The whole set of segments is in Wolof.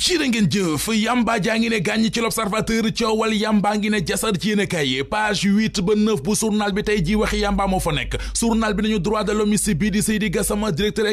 jërë ngeen jëf jaa ngi ne gàññ ci l'observateur coowal yamba ngi ne jasar ci yéen kay page huit ba neuf tey ji waxi yamba moo fa nekk journal bi nañu droit de l'homme si bii di Seydi Gassama directeur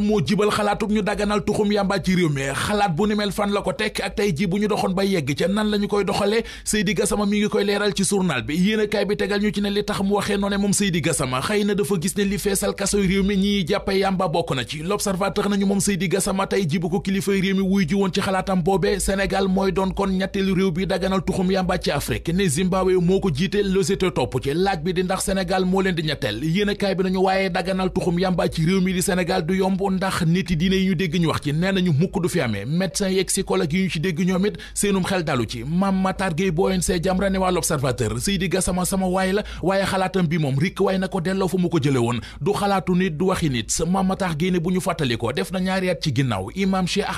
moo jibal xalaatub ñu daganal tuxum yamba ci réew mi xalaat bu ni mel fan la ko tekk ak tey ji bu ñu doxoon ba yegg ca nan la ñu koy doxalee Seydi Gassama mi ngi koy leeral ci journal bi yéen kay bi tegal ñu ci ne li tax mu waxee noone moom Seydi Gassama xëy na dafa gis ne li feesal kasoy réew mi ñi jàppe yamba bokk na ci l'observateur nañu moom Seydi Gassama tey ji bu ko kilifa kilifay réew mi wuy ji woon ci xalaatam boobe Sénégal mooy doon kon ñetteelu réew bi daganal tuxum yàmba ci Afrique ne Zimbabwe moo ko jiite losité topp ci laaj bi di ndax Sénégal moo leen di ñetteel yéen bi nañu waaye daganal tuxum yàmba ci réew mi di Sénégal du yomb ndax nit yi diine yi ñu dégg ñu wax ci nee nañu mukk du fi amee médecin yeeg psychologue yi ñu ci dégg ñoom it seenum xel dalu ci Mame Matar Gueye bu ONG Jamra ne waa L'Observateur Seydi Gassama sama waay la waaye xalaatam bi moom rikk waaye na ko delloo fu mu ko jële woon du xalaatu nit du waxi nit Mame Matar Gueye ne bu ñu fàttali def na ñaari at ci ginnaaw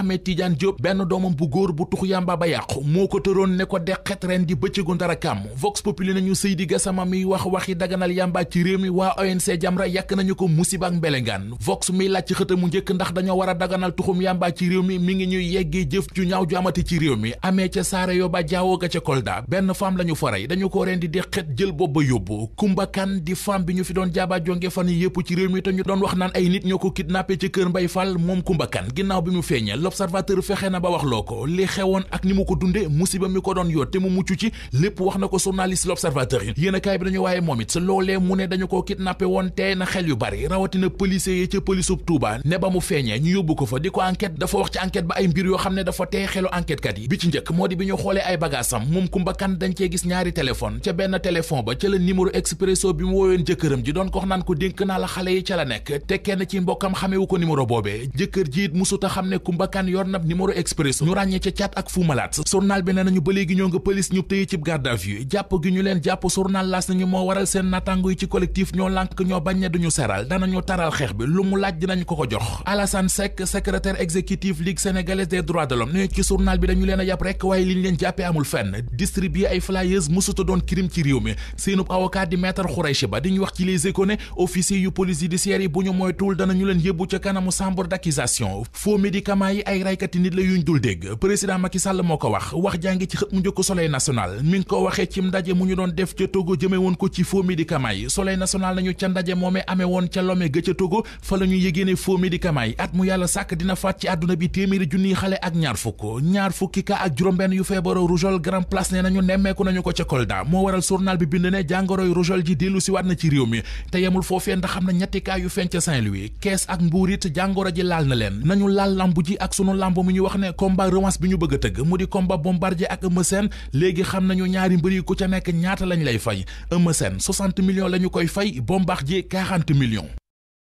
Ahmed Tidiane Diop benn doomam bu góor bu tux yamba ba yàqu moo ko tëroon ne ko deqet ren di bëccëgu ndara vox populi nañu Seydi Gassama miy wax waxi daganal yamba ci réew mi waa ONC Jamra yàkk nañu ko musiba ak mbelengaan vox miy laaj ci xëtamu njëkk ndax dañoo war a daganal tuxum yamba ci réew mi mi ngi ñuy yeggee jëf ju ñaaw ju amati ci réew mi amee ca yo ba jaawoo ga ca Kolda benn femme lañu foray dañu ko ren di deqet jël bopp ba yóbbu Kumba Kan di femme bi ñu fi doon jaaba jonge fan yi yëpp ci réew mi te ñu doon wax naan ay nit ñoo ko ci kër Mbay Fall moom Kumba kan. ginnaaw bi mu feeñal l'observateur fexe na ba wax loo ko li xewoon ak ni mu ko dunde musiba mi ko doon yoot te mu mucc ci lépp wax na ko journaliste l'observateur yi yéen a kaay bi dañu waaye moom it loolee mu ne dañu ko kidnappé woon tey na xel yu bari rawatina policier yi ca polisub Touba ne ba mu feeñee ñu yóbbu ko fa di ko enquête dafa wax ci enquête ba ay mbir yoo xam ne dafa tey xelu enquête yi bi ci njëkk moo di bi ñu xoolee ay bagaasam moom Kumba dañ cee gis ñaari melokaan yor nab express ñu ràññee ca caat ak fu malaat journal bi ne nañu ñoo nga pëlis ñu tëye cib garde à vue jàpp gi ñu leen jàpp journal laas nañu moo waral seen natango yi ci collectif ñoo lànk ñoo bañ ne duñu seral danañu taral xeex bi lu mu laaj dinañ ko ko jox Alassane Seck secrétaire exécutif Ligue sénégalaise des droits de l'homme ne ci journal bi dañu leen a yàpp rek waaye liñ leen jàppee amul fenn distribuer ay flyers musuta doon crime yi ay raykati nit la yuñ dul dégg président Macky moo ko wax wax jàngi ci xët mu njëkk soleil national mi ngi ko ndaje mu ñu doon def ca Togo jëme woon ko ci faux médicament yi soleil national nañu ca ndaje moomee amee woon ca Lomé ga ca Togo fa la ñu yégée ne faux médicament yi at mu yàlla sàkk dina faat ci àdduna bi téeméeri junniy xale ak ñaar fukk ñaar fukki ka ak juróom-benn yu feebaru rougeole grand place ne nañu nemmeeku nañu ko ca Kolda moo waral journal bi bind ne jàngoroy rougeole ji dellu si waat na na ñetti kaa yu feeñ ca Saint-Louis ji laal na leen nañu ak sunu lamb mu ñuy wax ne combat revanche bi ñu bëgg a tëgg mu di combat bombardier ak Eumeu Sène léegi xam nañu ñaari mbër yi ku ca nekk ñaata lañu lay fay Eumeu Sène 60 millions la ñu koy fay bombardier 40 millions